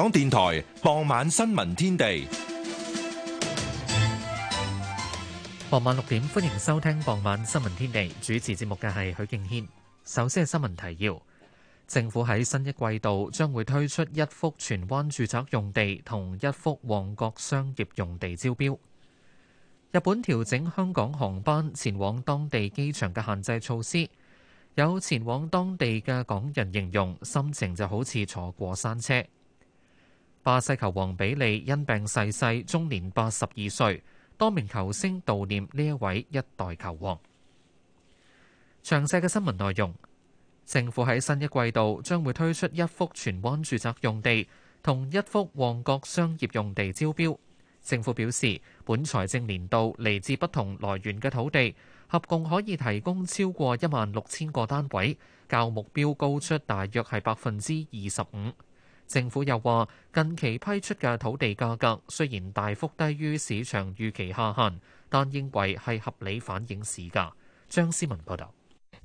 香港電台傍晚新聞天地，傍晚六點歡迎收聽傍晚新聞天地。主持節目嘅係許敬軒。首先係新聞提要：政府喺新一季度將會推出一幅荃灣住宅用地，同一幅旺角商業用地招標。日本調整香港航班前往當地機場嘅限制措施，有前往當地嘅港人形容心情就好似坐過山車。巴西球王比利因病逝世，終年八十二歲。多名球星悼念呢一位一代球王。詳細嘅新聞內容。政府喺新一季度將會推出一幅荃灣住宅用地，同一幅旺角商業用地招標。政府表示，本財政年度嚟自不同來源嘅土地，合共可以提供超過一萬六千個單位，較目標高出大約係百分之二十五。政府又話，近期批出嘅土地價格雖然大幅低於市場預期下限，但認為係合理反映市價。張思文報道，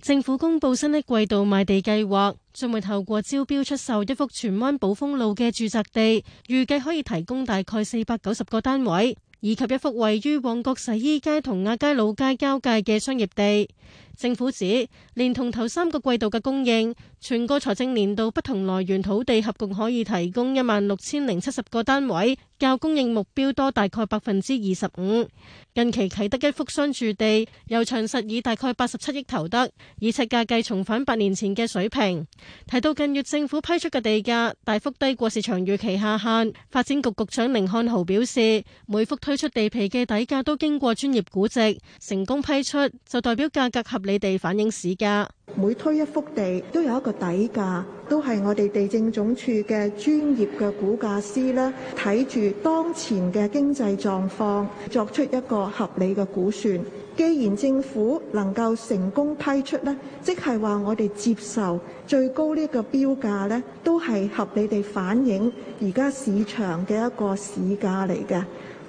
政府公布新一季度賣地計劃，將會透過招標出售一幅荃灣寶豐路嘅住宅地，預計可以提供大概四百九十個單位，以及一幅位於旺角洗衣街同亞皆老街交界嘅商業地。政府指，連同頭三個季度嘅供應，全個財政年度不同來源土地合共可以提供一萬六千零七十個單位，較供應目標多大概百分之二十五。近期啟德一幅商住地由長實以大概八十七億投得，以尺價計重返八年前嘅水平。提到近月政府批出嘅地價大幅低過市場預期下限，發展局局長甯漢豪表示，每幅推出地皮嘅底價都經過專業估值，成功批出就代表價格合。你哋反映市價，每推一幅地都有一個底價，都係我哋地政總署嘅專業嘅估價師咧，睇住當前嘅經濟狀況作出一個合理嘅估算。既然政府能夠成功批出咧，即係話我哋接受最高呢個標價咧，都係合理地反映而家市場嘅一個市價嚟嘅。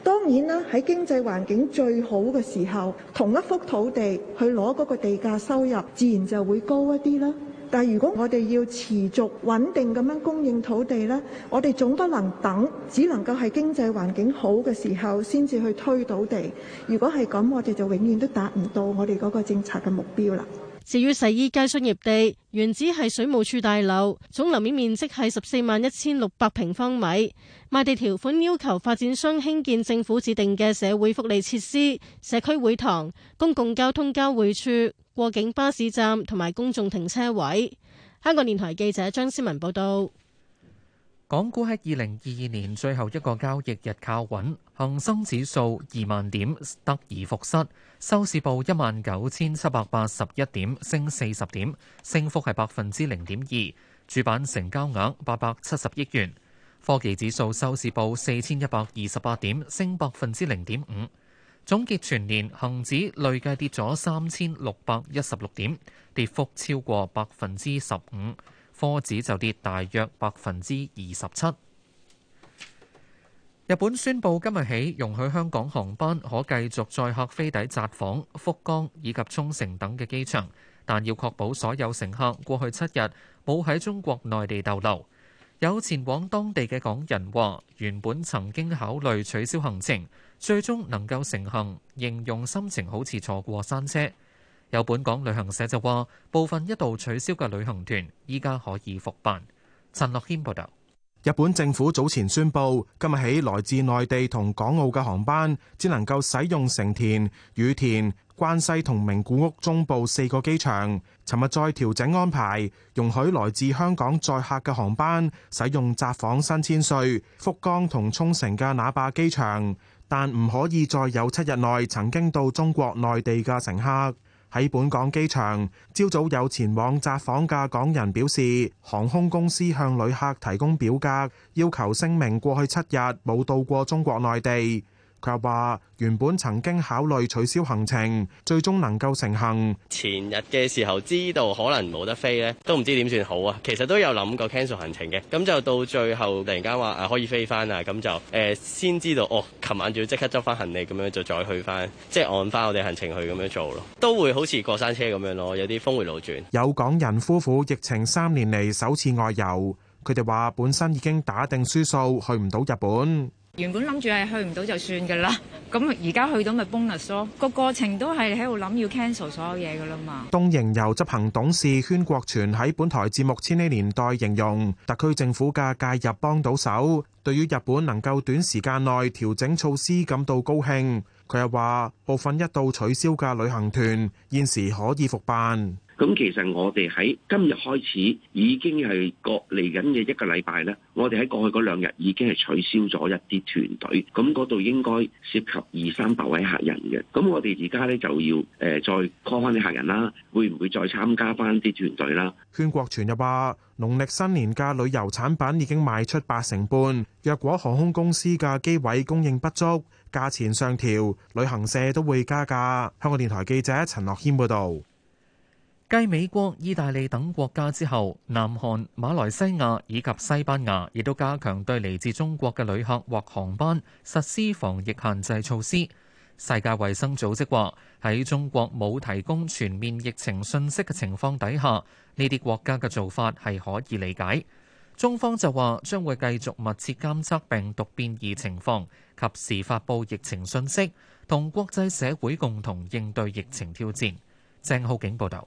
當然啦，喺經濟環境最好嘅時候，同一幅土地去攞嗰個地價收入，自然就會高一啲啦。但如果我哋要持續穩定咁樣供應土地呢，我哋總不能等，只能夠喺經濟環境好嘅時候先至去推倒地。如果係咁，我哋就永遠都達唔到我哋嗰個政策嘅目標啦。至於洗衣街商業地原址係水務署大樓，總樓面面積係十四萬一千六百平方米。賣地條款要求發展商興建政府指定嘅社會福利設施、社區會堂、公共交通交匯處、過境巴士站同埋公眾停車位。香港電台記者張思文報道。港股喺二零二二年最後一個交易日靠穩，恒生指數二萬點得而復失，收市報一萬九千七百八十一點，升四十點，升幅係百分之零點二。主板成交額八百七十億元，科技指數收市報四千一百二十八點，升百分之零點五。總結全年恒指累計跌咗三千六百一十六點，跌幅超過百分之十五。科指就跌大約百分之二十七。日本宣布今日起容許香港航班可繼續載客飛抵札幌、福岡以及沖繩等嘅機場，但要確保所有乘客過去七日冇喺中國內地逗留。有前往當地嘅港人話，原本曾經考慮取消行程，最終能夠成行，形容心情好似坐過山車。有本港旅行社就話，部分一度取消嘅旅行團依家可以復辦。陳樂謙報道，日本政府早前宣布，今日起來自內地同港澳嘅航班只能夠使用成田、羽田、關西同名古屋中部四個機場。尋日再調整安排，容許來自香港載客嘅航班使用札幌、新千歲、福岡同沖繩嘅那霸機場，但唔可以再有七日內曾經到中國內地嘅乘客。喺本港機場，朝早有前往札幌嘅港人表示，航空公司向旅客提供表格，要求聲明過去七日冇到過中國內地。佢話原本曾經考慮取消行程，最終能夠成行。前日嘅時候知道可能冇得飛咧，都唔知點算好啊。其實都有諗過 cancel 行程嘅，咁就到最後突然間話誒可以飛翻啊，咁就誒先知道哦。琴晚仲要即刻執翻行李，咁樣就再去翻，即係按翻我哋行程去咁樣做咯。都會好似過山車咁樣咯，有啲峰回路轉。有港人夫婦疫情三年嚟首次外遊，佢哋話本身已經打定輸數，去唔到日本。原本諗住係去唔到就算噶啦，咁而家去到咪 bonus 咯。個過程都係喺度諗要 cancel 所有嘢噶啦嘛。東瀛遊執行董事禤國全喺本台節目《千禧年代》形容，特區政府嘅介入幫到手，對於日本能夠短時間內調整措施感到高興。佢又話，部分一度取消嘅旅行團現時可以復辦。咁其實我哋喺今日開始已經係過嚟緊嘅一個禮拜咧。我哋喺過去嗰兩日已經係取消咗一啲團隊，咁嗰度應該涉及二三百位客人嘅。咁我哋而家咧，就要誒再 call 翻啲客人啦，會唔會再參加翻啲團隊啦？宣國全又話農曆新年嘅旅遊產品已經賣出八成半。若果航空公司嘅機位供應不足，價錢上調，旅行社都會加價，香港電台記者陳樂謙報道。繼美國、意大利等國家之後，南韓、馬來西亞以及西班牙亦都加強對嚟自中國嘅旅客或航班實施防疫限制措施。世界衛生組織話喺中國冇提供全面疫情信息嘅情況底下，呢啲國家嘅做法係可以理解。中方就話將會繼續密切監測病毒變異情況，及時發布疫情信息，同國際社會共同應對疫情挑戰。鄭浩景報導。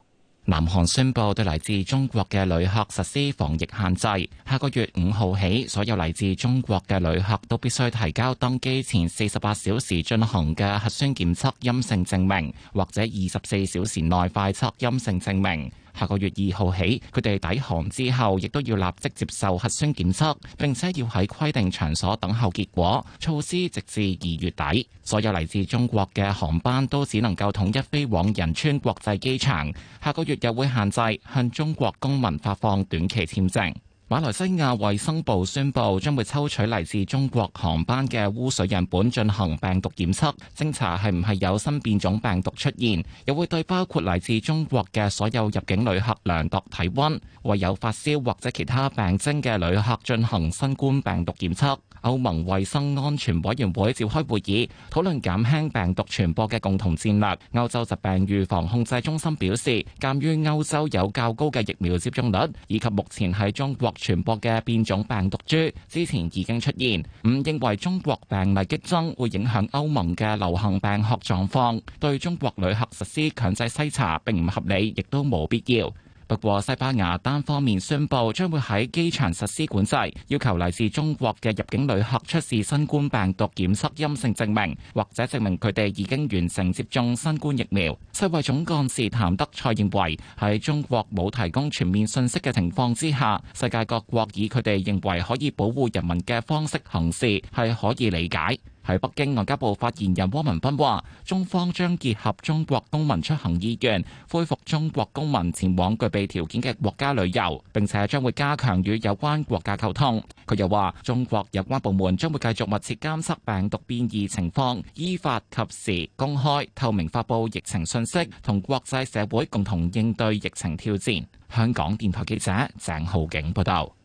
南韓宣布對嚟自中國嘅旅客實施防疫限制，下個月五號起，所有嚟自中國嘅旅客都必須提交登機前四十八小時進行嘅核酸檢測陰性證明，或者二十四小時內快測陰性證明。下個月二號起，佢哋抵韓之後，亦都要立即接受核酸檢測，並且要喺規定場所等候結果。措施直至二月底，所有嚟自中國嘅航班都只能夠統一飛往仁川國際機場。下個月又會限制向中國公民發放短期簽證。馬來西亞衛生部宣布，將會抽取嚟自中國航班嘅污水樣本進行病毒檢測，偵查係唔係有新變種病毒出現，又會對包括嚟自中國嘅所有入境旅客量度體溫，為有發燒或者其他病徵嘅旅客進行新冠病毒檢測。歐盟衛生安全委員會召開會議，討論減輕病毒傳播嘅共同戰略。歐洲疾病預防控制中心表示，鑒於歐洲有較高嘅疫苗接種率，以及目前喺中國傳播嘅變種病毒株之前已經出現，唔認為中國病例激增會影響歐盟嘅流行病學狀況。對中國旅客實施強制篩查並唔合理，亦都冇必要。不過西班牙單方面宣布將會喺機場實施管制，要求嚟自中國嘅入境旅客出示新冠病毒檢測陰性證明，或者證明佢哋已經完成接種新冠疫苗。世衛總幹事譚德塞認為喺中國冇提供全面信息嘅情況之下，世界各國以佢哋認為可以保護人民嘅方式行事，係可以理解。喺北京，外交部發言人汪文斌話：中方將結合中國公民出行意願，恢復中國公民前往具備條件嘅國家旅遊，並且將會加強與有關國家溝通。佢又話：中國有關部門將會繼續密切監測病毒變異情況，依法及時公開透明發佈疫情信息，同國際社會共同應對疫情挑戰。香港電台記者鄭浩景報道。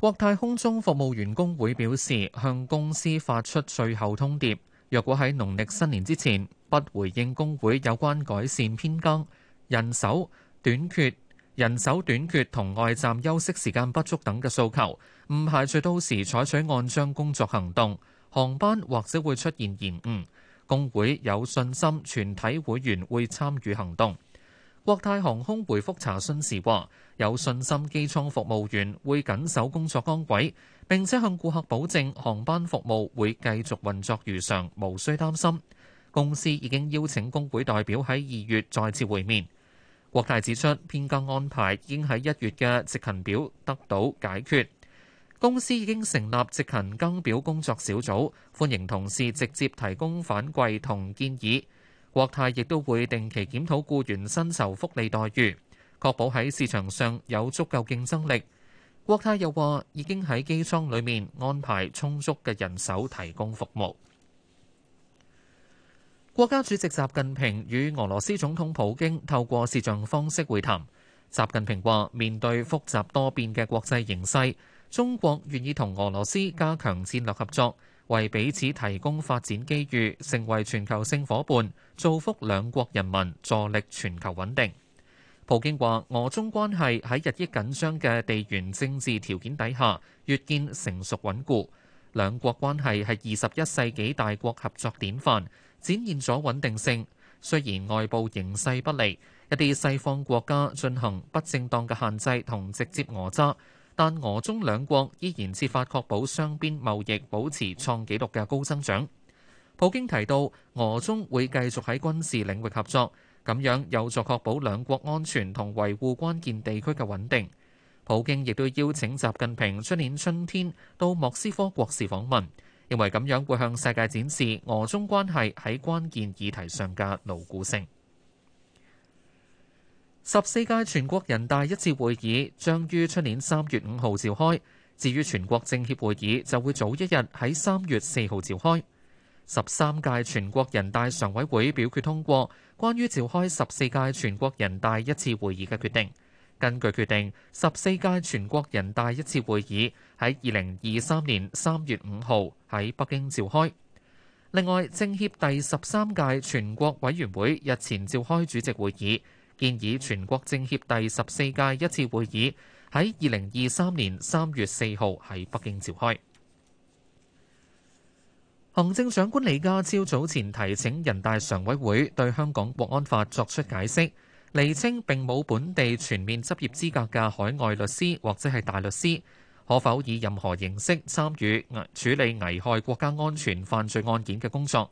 國泰空中服務員工會表示，向公司發出最後通牒：若果喺農曆新年之前不回應工會有關改善偏更、人手短缺、人手短缺同外站休息時間不足等嘅訴求，唔排除到時採取按章工作行動，航班或者會出現延誤。工會有信心全體會員會參與行動。國泰航空回覆查詢時話：有信心機艙服務員會緊守工作崗位，並且向顧客保證航班服務會繼續運作如常，無需擔心。公司已經邀請工會代表喺二月再次會面。國泰指出，編更安排已經喺一月嘅執勤表得到解決。公司已經成立執勤更表工作小組，歡迎同事直接提供反饋同建議。國泰亦都會定期檢討僱員薪酬、福利待遇，確保喺市場上有足夠競爭力。國泰又話，已經喺機艙裏面安排充足嘅人手提供服務。國家主席習近平與俄羅斯總統普京透過視像方式會談。習近平話，面對複雜多變嘅國際形勢，中國願意同俄羅斯加強戰略合作。為彼此提供發展機遇，成為全球性伙伴，造福兩國人民，助力全球穩定。普京話：俄中關係喺日益緊張嘅地緣政治條件底下，越見成熟穩固。兩國關係係二十一世紀大國合作典範，展現咗穩定性。雖然外部形勢不利，一啲西方國家進行不正當嘅限制同直接訛詐。但俄中兩國依然設法確保雙邊貿易保持創紀錄嘅高增長。普京提到，俄中會繼續喺軍事領域合作，咁樣有助確保兩國安全同維護關鍵地區嘅穩定。普京亦都邀請習近平出年春天到莫斯科國事訪問，認為咁樣會向世界展示俄中關係喺關鍵議題上嘅牢固性。十四屆全國人大一次會議將於出年三月五號召開。至於全國政協會議，就會早一日喺三月四號召開。十三屆全國人大常委會表決通過關於召開十四屆全國人大一次會議嘅決定。根據決定，十四屆全國人大一次會議喺二零二三年三月五號喺北京召開。另外，政協第十三屆全國委員會日前召開主席會議。建議全國政協第十四屆一次會議喺二零二三年三月四號喺北京召開。行政長官李家超早前提請人大常委會對香港國安法作出解釋，釐清並冇本地全面執業資格嘅海外律師或者係大律師，可否以任何形式參與處理危害國家安全犯罪案件嘅工作。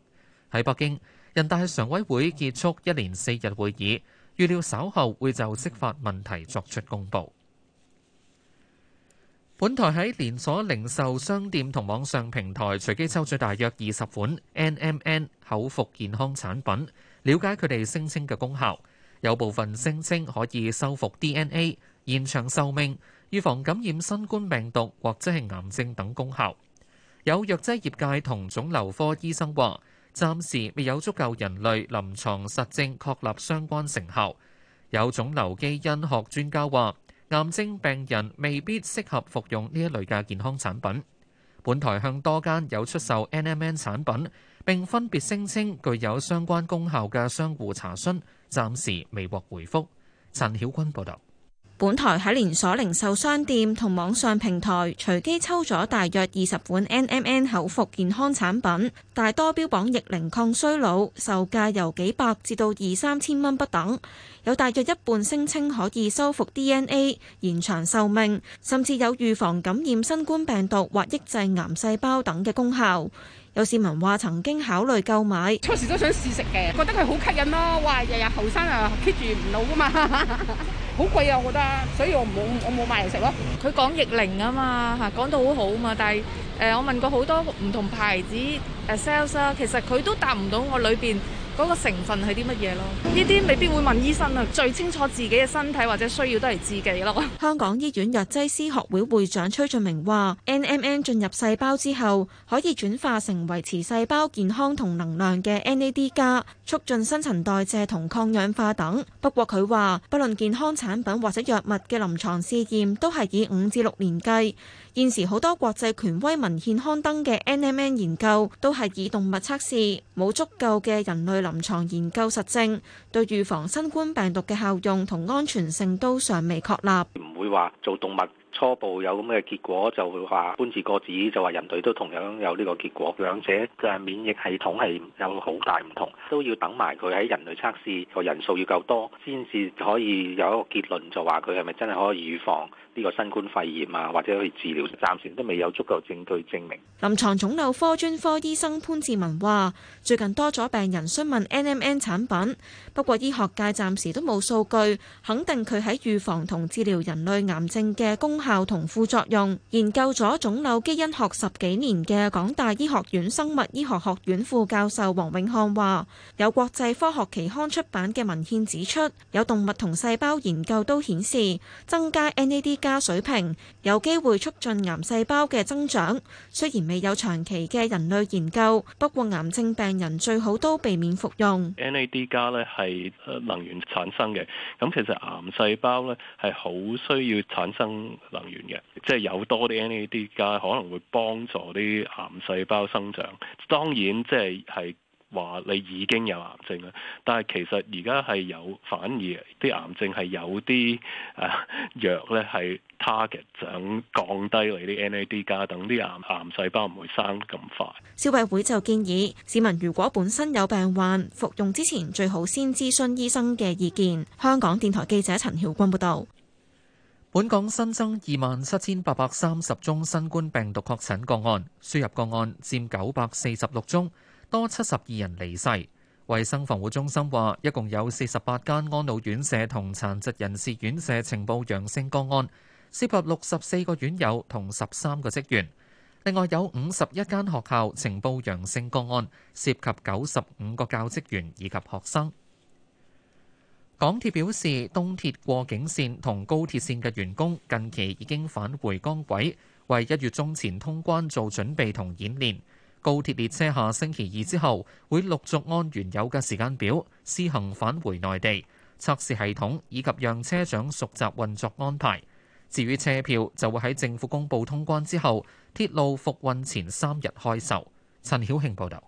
喺北京，人大常委會結束一連四日會議預料稍後會就釋法問題作出公佈。本台喺連鎖零售商店同網上平台隨機抽取大約二十款 NMN 口服健康產品，了解佢哋聲稱嘅功效。有部分聲稱可以修復 DNA、延長壽命、預防感染新冠病毒或者係癌症等功效。有藥劑業界同腫瘤科醫生話暫時未有足夠人類臨牀實證確立相關成效。有腫瘤基因學專家話，癌症病人未必適合服用呢一類嘅健康產品。本台向多間有出售 NMN 產品並分別聲稱具有相關功效嘅商戶查詢，暫時未獲回覆。陳曉君報道。本台喺連鎖零售商店同網上平台隨機抽咗大約二十款 NMN 口服健康產品，大多標榜逆齡抗衰老，售價由幾百至到二三千蚊不等，有大約一半聲稱可以修復 DNA、延長壽命，甚至有預防感染新冠病毒或抑制癌細胞等嘅功效。有市民話曾經考慮購買，初時都想試食嘅，覺得佢好吸引咯。哇，日日後生啊 keep 住唔老啊嘛，好貴啊我覺得，所以我冇我冇買嚟食咯。佢講逆齡啊嘛，吓講到好好啊嘛，但係誒我問過好多唔同牌子誒 sales，其實佢都答唔到我裏邊。嗰個成分係啲乜嘢咯？呢啲未必會問醫生啊，最清楚自己嘅身體或者需要都係自己咯。香港醫院藥劑師學會會長崔俊明話，NMN 進入細胞之後，可以轉化成為維持細胞健康同能量嘅 NAD 加，促進新陳代謝同抗氧化等。不過佢話，不論健康產品或者藥物嘅臨床試驗，都係以五至六年計。現時好多國際權威文獻刊登嘅 NMN 研究，都係以動物測試，冇足夠嘅人類臨床研究實證，對預防新冠病毒嘅效用同安全性都尚未確立，唔會話做動物。初步有咁嘅結果就會話潘智個子,子就話人類都同樣有呢個結果，兩者嘅免疫系統係有好大唔同，都要等埋佢喺人類測試個人數要夠多，先至可以有一個結論就話佢係咪真係可以預防呢個新冠肺炎啊，或者可以治療？暫時都未有足夠證據證明。臨床腫瘤科專科醫生潘志文話最近多咗病人詢問 NMN 產品，不過醫學界暫時都冇數據肯定佢喺預防同治療人類癌症嘅功。效同副作用，研究咗腫瘤基因學十幾年嘅港大醫學院生物醫學學院副教授黃永漢話，有國際科學期刊出版嘅文獻指出，有動物同細胞研究都顯示，增加 NAD 加水平有機會促進癌細胞嘅增長。雖然未有長期嘅人類研究，不過癌症病人最好都避免服用 NAD 加咧，係能源產生嘅，咁其實癌細胞咧，係好需要產生。能源嘅，即係有多啲 NAD 加可能會幫助啲癌細胞生長。當然，即係係話你已經有癌症啦，但係其實而家係有，反而啲癌症係有啲誒藥咧係 target 想降低你啲 NAD 加，等啲癌癌細胞唔會生咁快。消委會就建議市民如果本身有病患，服用之前最好先諮詢醫生嘅意見。香港電台記者陳曉君報道。本港新增二萬七千八百三十宗新冠病毒確診個案，輸入個案佔九百四十六宗，多七十二人離世。衛生防護中心話，一共有四十八間安老院舍同殘疾人士院舍呈報陽性個案，涉及六十四個院友同十三個職員。另外有五十一間學校呈報陽性個案，涉及九十五個教職員以及學生。港鐵表示，東鐵過境線同高鐵線嘅員工近期已經返回崗位，為一月中前通關做準備同演練。高鐵列車下星期二之後會陸續按原有嘅時間表試行返回內地，測試系統以及讓車長熟習運作安排。至於車票就會喺政府公佈通關之後，鐵路復運前三日開售。陳曉慶報導。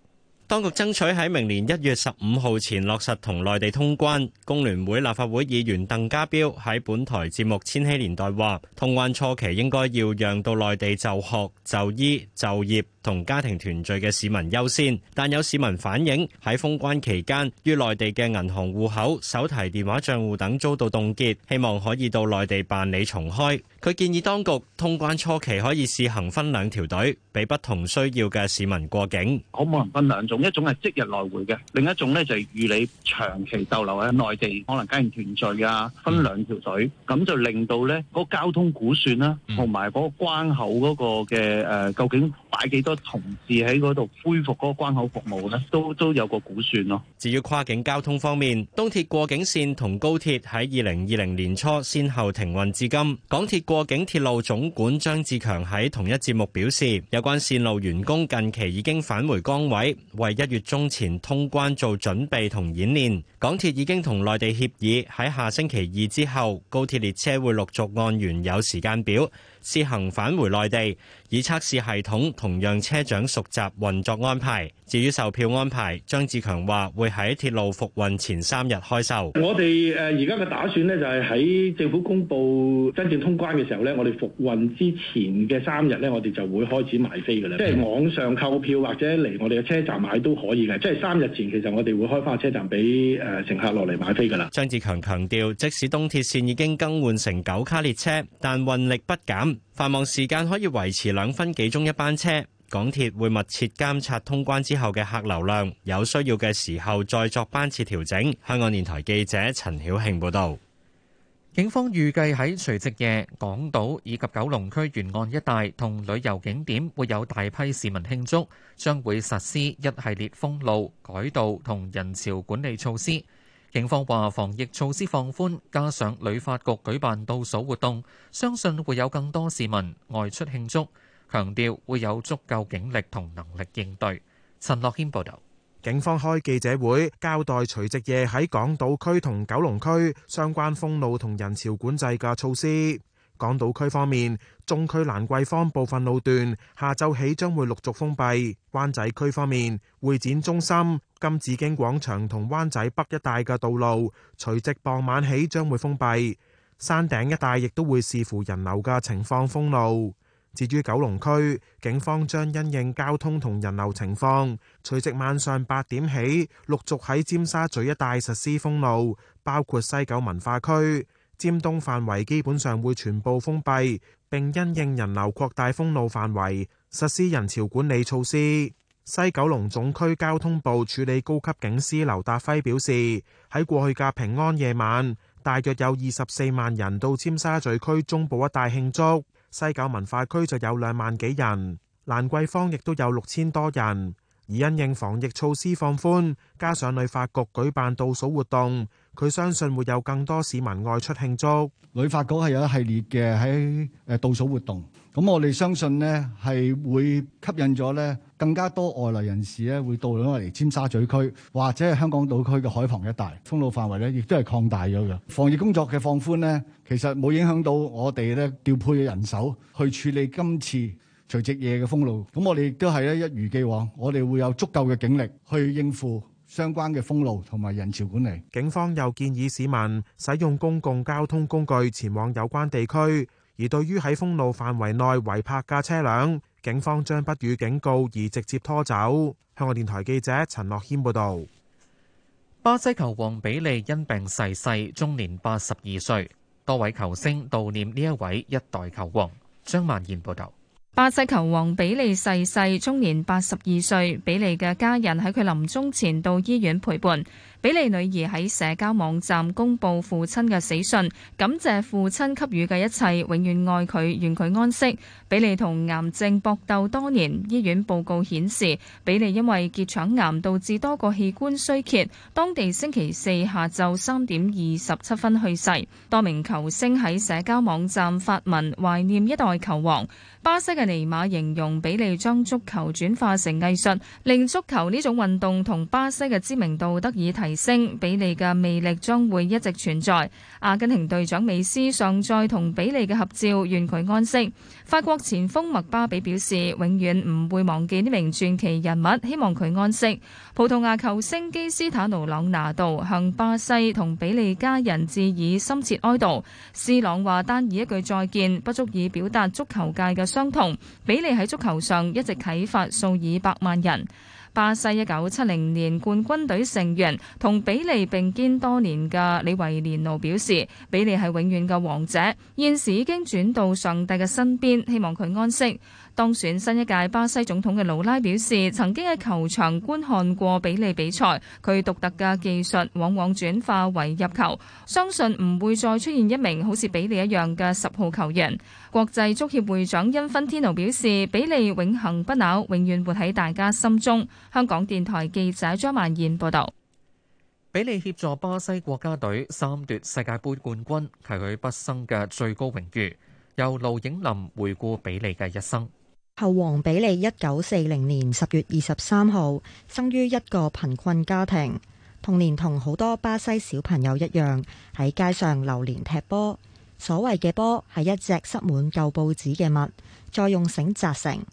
當局爭取喺明年一月十五號前落實同內地通關。工聯會立法會議員鄧家彪喺本台節目《千禧年代》話：通關初期應該要讓到內地就學、就醫、就業同家庭團聚嘅市民優先。但有市民反映喺封關期間，於內地嘅銀行戶口、手提電話賬戶等遭到凍結，希望可以到內地辦理重開。佢建議當局通關初期可以試行分兩條隊，俾不同需要嘅市民過境。可唔可以分兩種？一種係即日來回嘅，另一種咧就係預你長期逗留喺內地，可能家庭團聚啊，分兩條隊，咁就令到咧嗰交通估算啦，同埋嗰關口嗰個嘅誒，究竟擺幾多同事喺嗰度恢復嗰關口服務咧，都都有個估算咯。至於跨境交通方面，東鐵過境線同高鐵喺二零二零年初先後停運至今，港鐵過境鐵路總管張志強喺同一節目表示，有關線路員工近期已經返回崗位為喺一月中前通關做準備同演練，港鐵已經同內地協議，喺下星期二之後，高鐵列車會陸續按原有時間表。試行返回內地以測試系統，同讓車長熟習運作安排。至於售票安排，張志強話會喺鐵路復運前三日開售。我哋誒而家嘅打算呢，就係喺政府公佈真正通關嘅時候呢，我哋復運之前嘅三日呢，我哋就會開始賣飛㗎啦。即係網上購票或者嚟我哋嘅車站買都可以嘅。即係三日前其實我哋會開返車站俾誒乘客落嚟買飛㗎啦。張志強強調，即使東鐵線已經更換成九卡列車，但運力不減。繁忙時間可以維持兩分幾鐘一班車，港鐵會密切監察通關之後嘅客流量，有需要嘅時候再作班次調整。香港電台記者陳曉慶報道。警方預計喺除夕夜，港島以及九龍區沿岸一帶同旅遊景點會有大批市民慶祝，將會實施一系列封路、改道同人潮管理措施。警方話防疫措施放寬，加上旅發局舉辦倒數活動，相信會有更多市民外出慶祝，強調會有足夠警力同能力應對。陳樂軒報導，警方開記者會交代除夕夜喺港島區同九龍區相關封路同人潮管制嘅措施。港島區方面，中區蘭桂坊部分路段下晝起將會陸續封閉。灣仔區方面，會展中心、金紫荊廣場同灣仔北一帶嘅道路，隨即傍晚起將會封閉。山頂一帶亦都會視乎人流嘅情況封路。至於九龍區，警方將因應交通同人流情況，隨即晚上八點起陸續喺尖沙咀一帶實施封路，包括西九文化區、尖東範圍，基本上會全部封閉。並因應人流擴大封路範圍，實施人潮管理措施。西九龍總區交通部處理高級警司劉達輝表示，喺過去嘅平安夜晚，大約有二十四萬人到尖沙咀區中部一帶慶祝，西九文化區就有兩萬幾人，蘭桂坊亦都有六千多人。而因應防疫措施放寬，加上旅發局舉辦倒數活動。佢相信會有更多市民外出慶祝，旅發局係有一系列嘅喺誒倒數活動，咁我哋相信咧係會吸引咗咧更加多外來人士咧會到咗嚟尖沙咀區或者係香港島區嘅海旁一帶封路範圍咧，亦都係擴大咗嘅。防疫工作嘅放寬咧，其實冇影響到我哋咧調配嘅人手去處理今次除夕夜嘅封路，咁我哋亦都係咧一如既往，我哋會有足夠嘅警力去應付。相關嘅封路同埋人潮管理，警方又建議市民使用公共交通工具前往有關地區。而對於喺封路範圍內違泊嘅車輛，警方將不予警告而直接拖走。香港電台記者陳樂謙報道。巴西球王比利因病逝世，終年八十二歲。多位球星悼念呢一位一代球王。張萬賢報道。巴西球王比利逝世，終年八十二歲。比利嘅家人喺佢臨終前到醫院陪伴。比利女兒喺社交網站公布父親嘅死訊，感謝父親給予嘅一切，永遠愛佢，願佢安息。比利同癌症搏鬥多年，醫院報告顯示比利因為結腸癌導致多個器官衰竭，當地星期四下晝三點二十七分去世。多名球星喺社交網站發文懷念一代球王。巴西嘅尼馬形容比利將足球轉化成藝術，令足球呢種運動同巴西嘅知名度得以提提升比利嘅魅力將會一直存在。阿根廷隊長美斯上載同比利嘅合照，願佢安息。法國前鋒麥巴比表示永遠唔會忘記呢名傳奇人物，希望佢安息。葡萄牙球星基斯塔努朗拿度向巴西同比利家人致以深切哀悼。斯朗話單以一句再見不足以表達足球界嘅傷痛。比利喺足球上一直啟發數以百萬人。巴西一九七零年冠軍隊成員同比利並肩多年嘅李維連奴表示：比利係永遠嘅王者，現時已經轉到上帝嘅身邊，希望佢安息。當選新一屆巴西總統嘅盧拉表示，曾經喺球場觀看過比利比賽，佢獨特嘅技術往往轉化為入球，相信唔會再出現一名好似比利一樣嘅十號球員。國際足協會長恩芬天奴表示，比利永恆不朽，永遠活喺大家心中。香港電台記者張萬燕報道。比利協助巴西國家隊三奪世界盃冠軍，係佢畢生嘅最高榮譽。由盧影林回顧比利嘅一生。后王比利一九四零年十月二十三號生於一個貧困家庭，童年同好多巴西小朋友一樣喺街上流連踢波。所謂嘅波係一隻塞滿舊報紙嘅襪，再用繩紮成。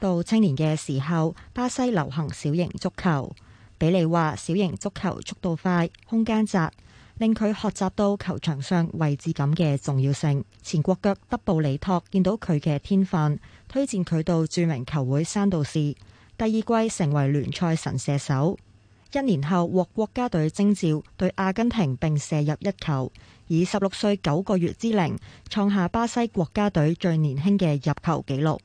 到青年嘅時候，巴西流行小型足球。比利話小型足球速度快，空間窄。令佢學習到球場上位置感嘅重要性。前國腳德布里托見到佢嘅天分，推薦佢到著名球會山度士。第二季成為聯賽神射手，一年後獲國家隊徵召對阿根廷並射入一球，以十六歲九個月之齡創下巴西國家隊最年輕嘅入球紀錄。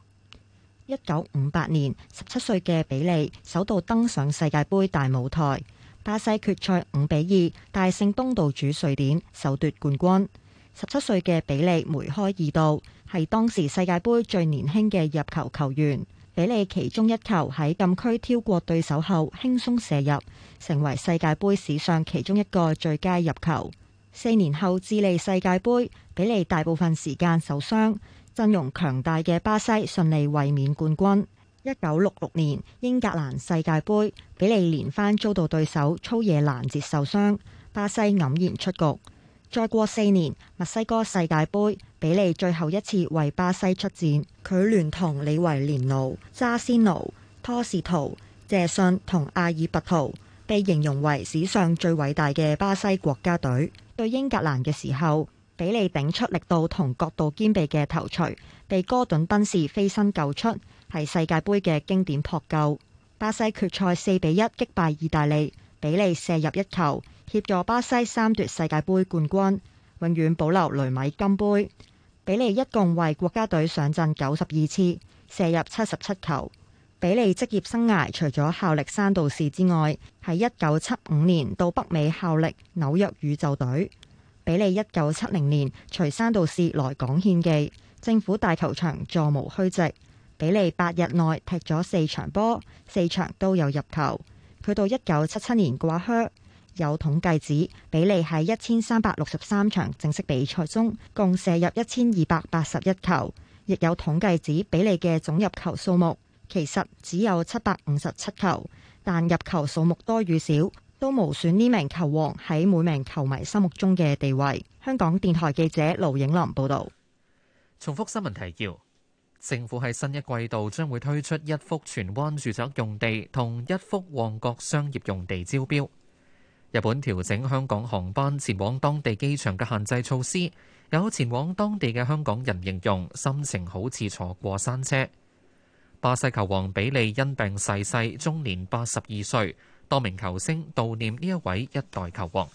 一九五八年，十七歲嘅比利首度登上世界盃大舞台。巴西決賽五比二大勝東道主瑞典，首奪冠軍。十七歲嘅比利梅開二度，係當時世界杯最年輕嘅入球球員。比利其中一球喺禁區挑過對手後輕鬆射入，成為世界杯史上其中一個最佳入球。四年後智利世界杯，比利大部分時間受傷，陣容強大嘅巴西順利衛冕冠軍。一九六六年英格蘭世界杯，比利連番遭到對手粗野攔截受傷，巴西黯然出局。再過四年，墨西哥世界杯，比利最後一次為巴西出戰。佢聯同李維連奴、渣仙奴、托士圖、謝遜同阿爾拔圖，被形容為史上最偉大嘅巴西國家隊。對英格蘭嘅時候，比利頂出力度同角度兼備嘅頭槌，被哥頓賓士飛身救出。係世界杯嘅經典撲救，巴西決賽四比一擊敗意大利，比利射入一球，協助巴西三奪世界杯冠軍，永遠保留雷米金杯。比利一共為國家隊上陣九十二次，射入七十七球。比利職業生涯除咗效力山道士之外，喺一九七五年到北美效力紐約宇宙隊。比利一九七零年隨山道士來港獻技，政府大球場座無虛席。比利八日內踢咗四場波，四場都有入球。佢到一九七七年掛靴。有統計指，比利喺一千三百六十三場正式比賽中，共射入一千二百八十一球。亦有統計指，比利嘅總入球數目其實只有七百五十七球。但入球數目多與少，都無損呢名球王喺每名球迷心目中嘅地位。香港電台記者盧影林報道。重複新聞提要。政府喺新一季度將會推出一幅荃灣住宅用地同一幅旺角商業用地招標。日本調整香港航班前往當地機場嘅限制措施。有前往當地嘅香港人形容心情好似坐過山車。巴西球王比利因病逝世，世，終年八十二歲。多名球星悼念呢一位一代球王。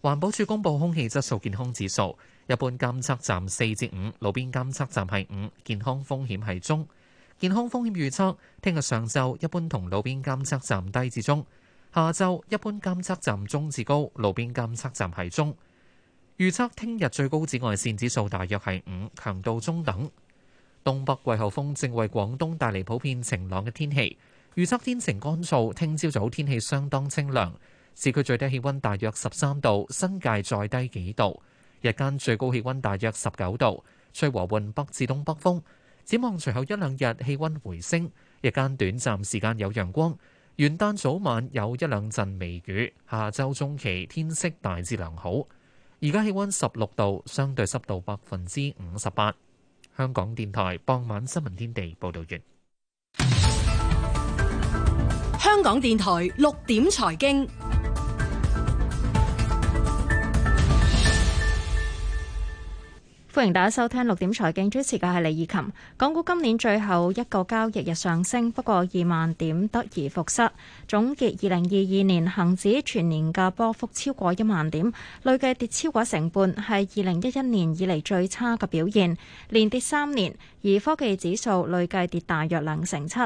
環保署公布空氣質素健康指數。一般監測站四至五，路邊監測站係五，健康風險係中。健康風險預測，聽日上晝一般同路邊監測站低至中，下晝一般監測站中至高，路邊監測站係中。預測聽日最高紫外線指數大約係五，強度中等。東北季候風正為廣東帶嚟普遍晴朗嘅天氣，預測天晴乾燥，聽朝早天氣相當清涼，市區最低氣溫大約十三度，新界再低幾度。日間最高氣溫大約十九度，吹和緩北至東北風。展望隨後一兩日氣溫回升，日間短暫時間有陽光。元旦早晚有一兩陣微雨，下周中期天色大致良好。而家氣溫十六度，相對濕度百分之五十八。香港電台傍晚新聞天地報道完。香港電台六點財經。歡迎大家收聽六點財經，主持嘅係李怡琴。港股今年最後一個交易日上升，不過二萬點得而復失。總結二零二二年恒指全年嘅波幅超過一萬點，累計跌超過成半，係二零一一年以嚟最差嘅表現，連跌三年。而科技指數累計跌大約兩成七。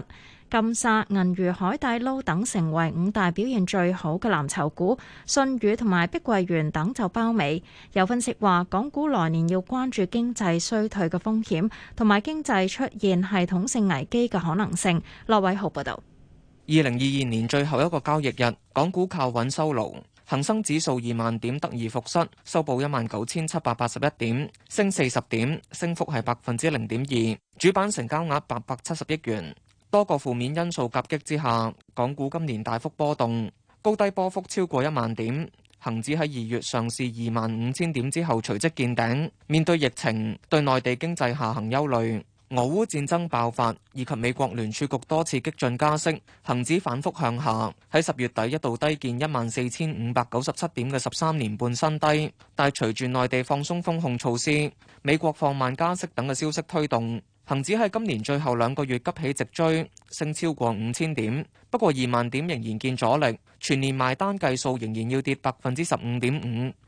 金沙、銀娛、海底撈等成為五大表現最好嘅藍籌股，信義同埋碧桂園等就包尾。有分析話，港股來年要關注經濟衰退嘅風險，同埋經濟出現系統性危機嘅可能性。羅偉豪報道：「二零二二年最後一個交易日，港股靠穩收爐，恒生指數二萬點得而復失，收報一萬九千七百八十一點，升四十點，升幅係百分之零點二，主板成交額八百七十億元。多個負面因素夾擊之下，港股今年大幅波動，高低波幅超過一萬點。恒指喺二月上試二萬五千點之後，隨即見頂。面對疫情、對內地經濟下行憂慮、俄烏戰爭爆發以及美國聯儲局多次激進加息，恒指反覆向下。喺十月底一度低見一萬四千五百九十七點嘅十三年半新低，但係隨住內地放鬆封控措施、美國放慢加息等嘅消息推動。恒指喺今年最後兩個月急起直追，升超過五千點。不過二萬點仍然見阻力，全年埋單計數仍然要跌百分之十五點五，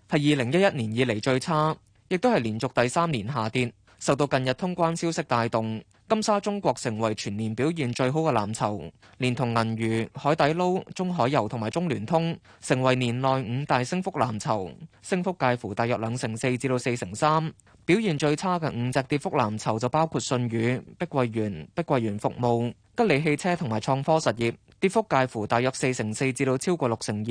係二零一一年以嚟最差，亦都係連續第三年下跌。受到近日通關消息帶動，金沙中國成為全年表現最好嘅藍籌，連同銀娛、海底撈、中海油同埋中聯通，成為年內五大升幅藍籌，升幅介乎大約兩成四至到四成三。表現最差嘅五隻跌幅藍籌就包括信義、碧桂園、碧桂園服務、吉利汽車同埋創科實業，跌幅介乎大約四成四至到超過六成二。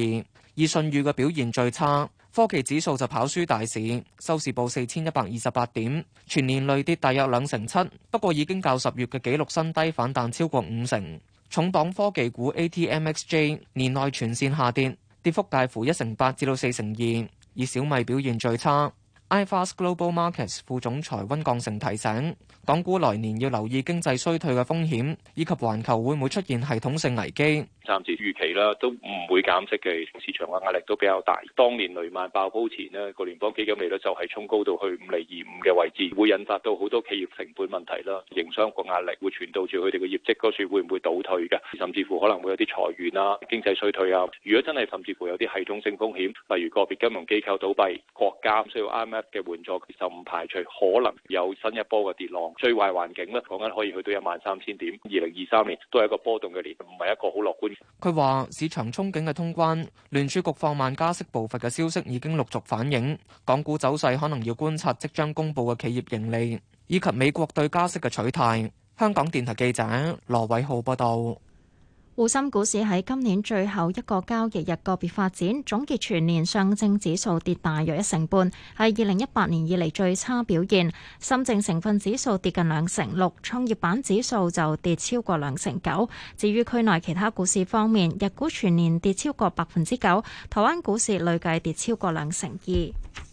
而信義嘅表現最差，科技指數就跑輸大市，收市報四千一百二十八點，全年累跌大約兩成七，不過已經較十月嘅紀錄新低反彈超過五成。重磅科技股 A T M X J 年內全線下跌，跌幅介乎一成八至到四成二，以小米表現最差。iFAST Global Markets 副總裁溫降成提醒，港股來年要留意經濟衰退嘅風險，以及環球會唔會出現系統性危機。暫時預期啦，都唔會減息嘅市場嘅壓力都比較大。當年雷曼爆煲前咧，個聯邦基金利率就係衝高到去五釐二五嘅位置，會引發到好多企業成本問題啦，營商個壓力會傳導住佢哋嘅業績嗰處，會唔會倒退嘅？甚至乎可能會有啲裁員啦，經濟衰退啊。如果真係甚至乎有啲系統性風險，例如個別金融機構倒閉、國家需要、I 嘅援助就唔排除可能有新一波嘅跌浪，最壞環境咧，講緊可以去到一萬三千點，二零二三年都係一個波動嘅年，唔係一個好樂觀。佢話市場憧憬嘅通關聯儲局放慢加息步伐嘅消息已經陸續反映，港股走勢可能要觀察即將公布嘅企業盈利，以及美國對加息嘅取態。香港電台記者羅偉浩報道。滬深股市喺今年最後一個交易日個別發展，總結全年上證指數跌大約一成半，係二零一八年以嚟最差表現。深證成分指數跌近兩成六，創業板指數就跌超過兩成九。至於區內其他股市方面，日股全年跌超過百分之九，台灣股市累計跌超過兩成二。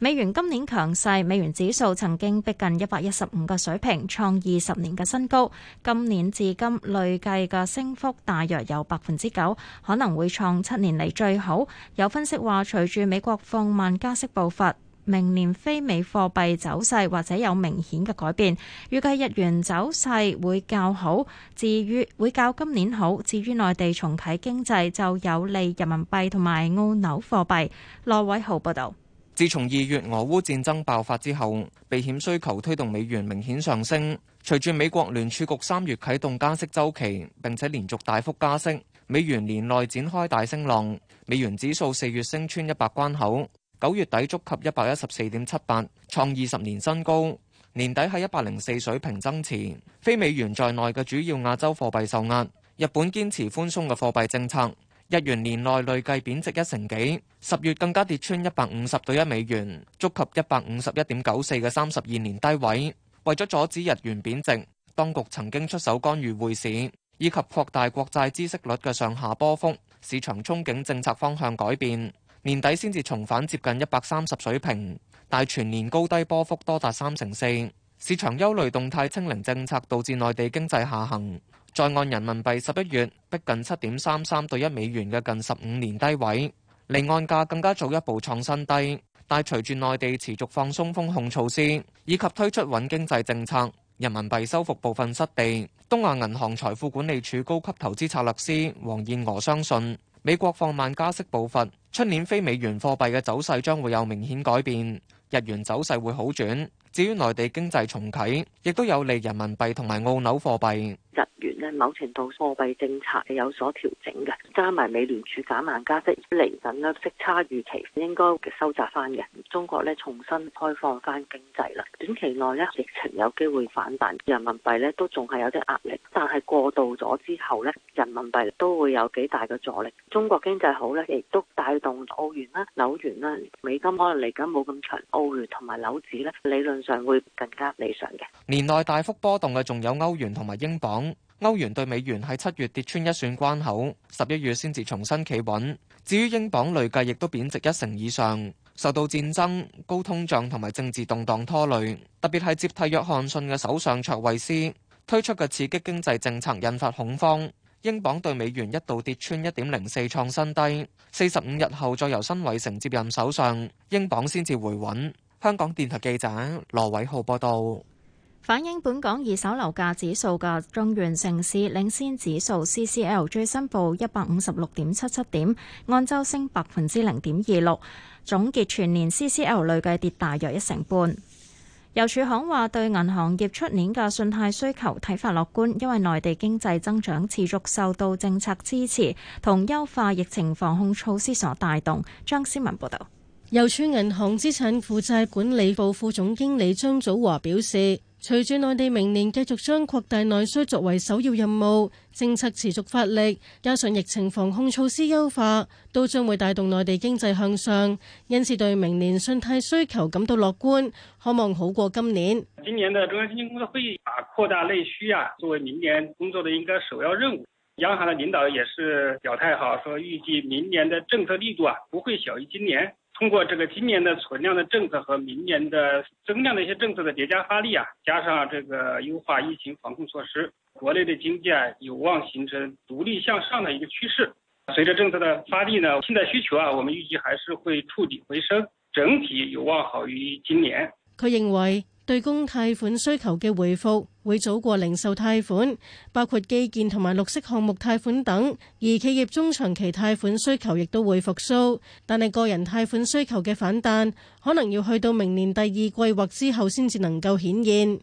美元今年強勢，美元指數曾經逼近一百一十五個水平，創二十年嘅新高。今年至今累計嘅升幅大約有百分之九，可能會創七年嚟最好。有分析話，隨住美國放慢加息步伐，明年非美貨幣走勢或者有明顯嘅改變，預計日元走勢會較好，至於會較今年好。至於內地重啟經濟就有利人民幣同埋澳紐貨幣。羅偉豪報道。自從二月俄烏戰爭爆發之後，避險需求推動美元明顯上升。隨住美國聯儲局三月啟動加息周期，並且連續大幅加息，美元年內展開大升浪。美元指數四月升穿一百關口，九月底觸及一百一十四點七八，創二十年新高。年底喺一百零四水平增持。非美元在內嘅主要亞洲貨幣受壓，日本堅持寬鬆嘅貨幣政策。日元年內累計貶值一成幾，十月更加跌穿一百五十到一美元，觸及一百五十一點九四嘅三十二年低位。為咗阻止日元貶值，當局曾經出手干預匯市，以及擴大國債孳息率嘅上下波幅。市場憧憬政策方向改變，年底先至重返接近一百三十水平，但全年高低波幅多達三成四。市場憂慮動態清零政策導致內地經濟下行。在岸人民幣十一月逼近七點三三對一美元嘅近十五年低位，離岸價更加早一步創新低。但隨住內地持續放鬆風控措施，以及推出穩經濟政策，人民幣收復部分失地。東亞銀行財富管理處高級投資策略師黃燕娥相信，美國放慢加息步伐，出年非美元貨幣嘅走勢將會有明顯改變，日元走勢會好轉。至於內地經濟重啟，亦都有利人民幣同埋澳紐貨幣。日元咧，某程度貨幣政策有所調整嘅。加埋美聯儲減慢加，加息，嚟緊咧息差預期應該收窄翻嘅。中國咧重新開放翻經濟啦，短期內咧疫情有機會反彈，人民幣咧都仲係有啲壓力，但係過渡咗之後咧，人民幣都會有幾大嘅助力。中國經濟好咧，亦都帶動澳元啦、紐元啦、美金可能嚟緊冇咁強，澳元同埋紐指咧理論。上會更加理想嘅年內大幅波動嘅，仲有歐元同埋英鎊。歐元對美元喺七月跌穿一算關口，十一月先至重新企穩。至於英鎊累計亦都貶值一成以上，受到戰爭、高通脹同埋政治動盪拖累。特別係接替約翰遜嘅首相卓慧斯推出嘅刺激經濟政策，引發恐慌。英鎊對美元一度跌穿一點零四創新低，四十五日後再由辛偉誠接任首相，英鎊先至回穩。香港電台記者羅偉浩報道，反映本港二手樓價指數嘅中原城市領先指數 CCL 最新報一百五十六點七七點，按周升百分之零點二六，總結全年 CCL 累計跌大約一成半。郵儲行話對銀行業出年嘅信貸需求睇法樂觀，因為內地經濟增長持續受到政策支持同優化疫情防控措施所帶動。張思文報道。郵儲銀行資產負債管理部副總經理張祖華表示，隨住內地明年繼續將擴大內需作為首要任務，政策持續發力，加上疫情防控措施優化，都將會帶動內地經濟向上，因此對明年信貸需求感到樂觀，可望好過今年。今年的中央經濟工作會議把擴大內需啊作為明年工作的應該首要任務，央行的領導也是表態好，說預計明年的政策力度啊不會小於今年。通過這個今年的存量的政策和明年的增量的一些政策的疊加發力啊，加上這個優化疫情防控措施，國內的經濟啊有望形成獨立向上的一個趨勢。隨着政策的發力呢，信貸需求啊，我們預計還是會觸底回升，整體有望好於今年。他認為。對公貸款需求嘅回復會早過零售貸款，包括基建同埋綠色項目貸款等。而企業中長期貸款需求亦都會復蘇，但係個人貸款需求嘅反彈可能要去到明年第二季或之後先至能夠顯現。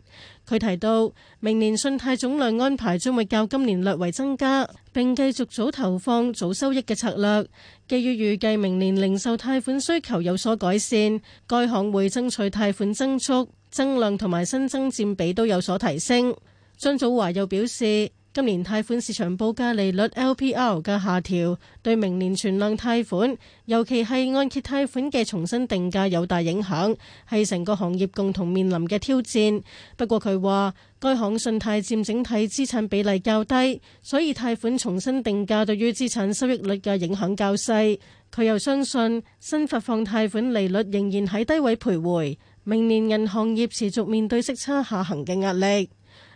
佢提到，明年信貸總量安排將會較今年略為增加，並繼續早投放、早收益嘅策略。基於預計明年零售貸款需求有所改善，該行會爭取貸款增速。增量同埋新增佔比都有所提升。張祖華又表示，今年貸款市場報價利率 LPR 嘅下調，對明年存量貸款，尤其係按揭貸款嘅重新定價有大影響，係成個行業共同面臨嘅挑戰。不過，佢話，該行信貸佔整體資產比例較低，所以貸款重新定價對於資產收益率嘅影響較細。佢又相信，新發放貸款利率仍然喺低位徘徊。明年銀行業持續面對息差下行嘅壓力。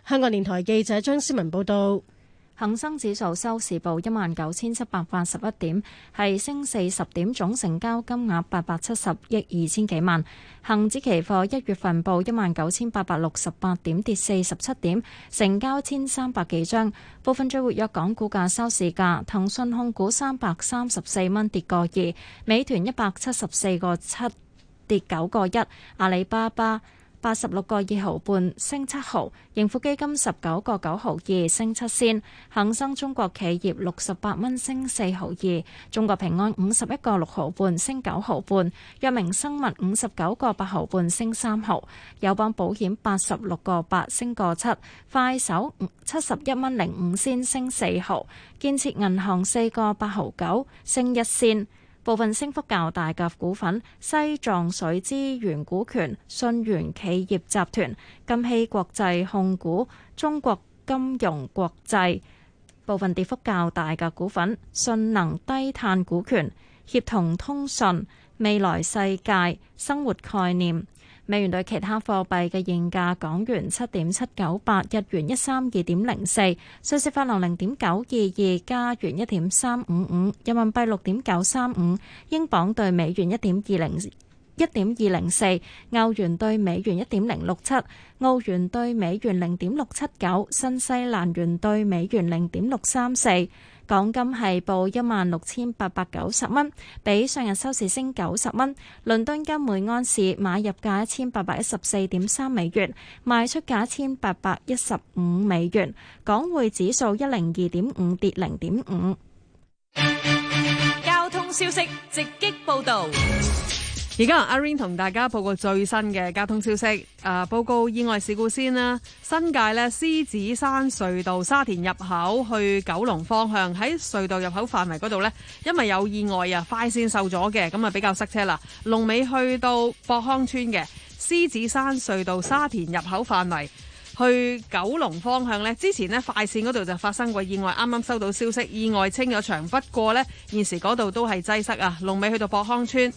香港電台記者張思文報道。恒生指數收市報一萬九千七百八十一點，係升四十點，總成交金額八百七十億二千幾萬，恒指期貨一月份報一萬九千八百六十八點，跌四十七點，成交千三百幾張。部分最活躍港股價收市價，騰訊控股三百三十四蚊跌過二，美團一百七十四個七，跌九個一，阿里巴巴八十六個二毫半升七毫，盈富基金十九個九毫二升七仙，恒生中國企業六十八蚊升四毫二，中國平安五十一個六毫半升九毫半，藥明生物五十九個八毫半升三毫，友邦保險八十六個八升個七，快手七十一蚊零五仙升四毫，建設銀行四個八毫九升一仙。部分升幅較大嘅股份：西藏水資源股權、信源企業集團、金希國際控股、中國金融國際。部分跌幅較大嘅股份：信能低碳股權、協同通訊、未來世界、生活概念。美元兌其他貨幣嘅現價：港元七點七九八，日元一三二點零四，瑞士法郎零點九二二，加元一點三五五，人民幣六點九三五，英鎊對美元一點二零一點二零四，歐元對美元一點零六七，澳元對美元零點六七九，新西蘭元對美元零點六三四。港金係報一萬六千八百九十蚊，比上日收市升九十蚊。倫敦金每安士買入價一千八百一十四點三美元，賣出價一千八百一十五美元。港匯指數一零二點五，跌零點五。交通消息直擊報道。而家阿 Ring 同大家報告最新嘅交通消息。誒，報告意外事故先啦。新界咧，獅子山隧道沙田入口去九龍方向喺隧道入口範圍嗰度咧，因為有意外啊，快線受阻嘅，咁啊比較塞車啦。龍尾去到博康村嘅獅子山隧道沙田入口範圍去九龍方向咧，之前咧快線嗰度就發生過意外，啱啱收到消息，意外清咗場，不過咧現時嗰度都係擠塞啊。龍尾去到博康村。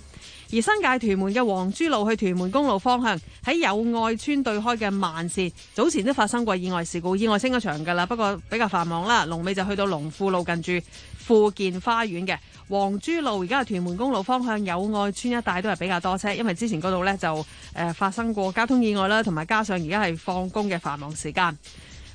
而新界屯門嘅皇珠路去屯門公路方向喺友愛村對開嘅慢線，早前都發生過意外事故，意外升咗場㗎啦。不過比較繁忙啦，龍尾就去到龍富路近住富健花園嘅皇珠路，而家係屯門公路方向友愛村一帶都係比較多車，因為之前嗰度呢就誒發生過交通意外啦，同埋加上而家係放工嘅繁忙時間。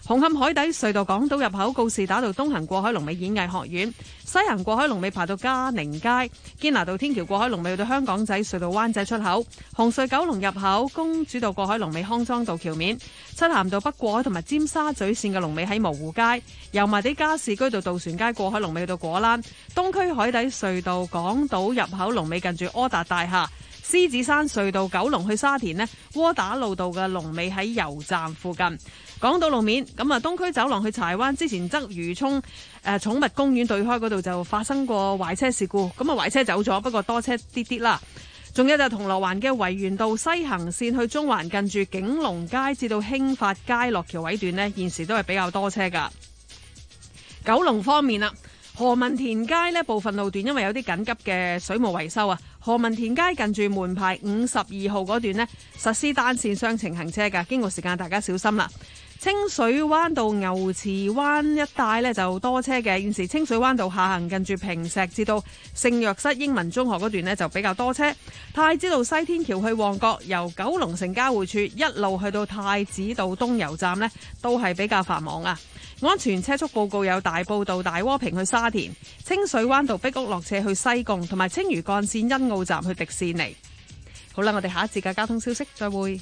紅磡海底隧道港島入口，告士打道東行過海龍尾演藝學院，西行過海龍尾排到嘉寧街堅拿道天橋過海龍尾去到香港仔隧道灣仔出口，紅隧九龍入口，公主道過海龍尾康莊道橋面，漆咸道北過海同埋尖沙咀線嘅龍尾喺蕪湖街，油麻地加士居道渡船街過海龍尾去到果欄，東區海底隧道港島入口龍尾近住柯達大廈，獅子山隧道九龍去沙田呢，窩打老道嘅龍尾喺油站附近。講到路面咁，啊，東區走廊去柴灣之前則，鰂魚涌誒寵物公園對開嗰度就發生過壞車事故。咁，啊，壞車走咗，不過多車啲啲啦。仲有就銅鑼灣嘅維園道西行線去中環，近住景隆街至到興發街落橋位段呢，現時都係比較多車噶。九龍方面啦，何文田街呢部分路段因為有啲緊急嘅水務維修啊，何文田街近住門牌五十二號嗰段呢，實施單線雙程行車噶，經過時間大家小心啦。清水灣到牛池灣一帶呢，就多車嘅。現時清水灣道下行近住坪石至到聖若瑟英文中學嗰段呢，就比較多車。太子道西天橋去旺角，由九龍城交匯處一路去到太子道東油站呢，都係比較繁忙啊。安全車速報告有大埔道大窩坪去沙田、清水灣道壁屋落斜去西貢，同埋青嶼幹線欣澳站去迪士尼。好啦，我哋下一節嘅交通消息，再會。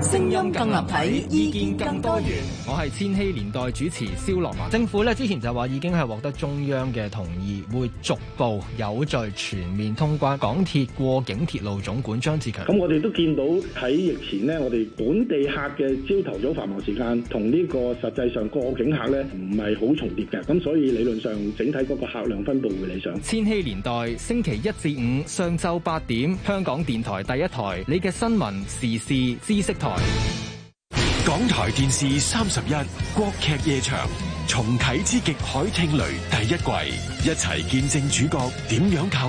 聲音更立體，意見更多元。我係千禧年代主持蕭樂文。政府咧之前就話已經係獲得中央嘅同意，會逐步有序全面通關。港鐵過境鐵路總管張志強。咁我哋都見到喺疫前呢，我哋本地客嘅朝頭早繁忙時間同呢個實際上過境客咧唔係好重疊嘅，咁所以理論上整體嗰個客量分佈會理想。千禧年代星期一至五上晝八點，香港電台第一台，你嘅新聞時事知識台。港台電視三十一國劇夜場重啟之極海聽雷第一季，一齊見證主角點樣靠。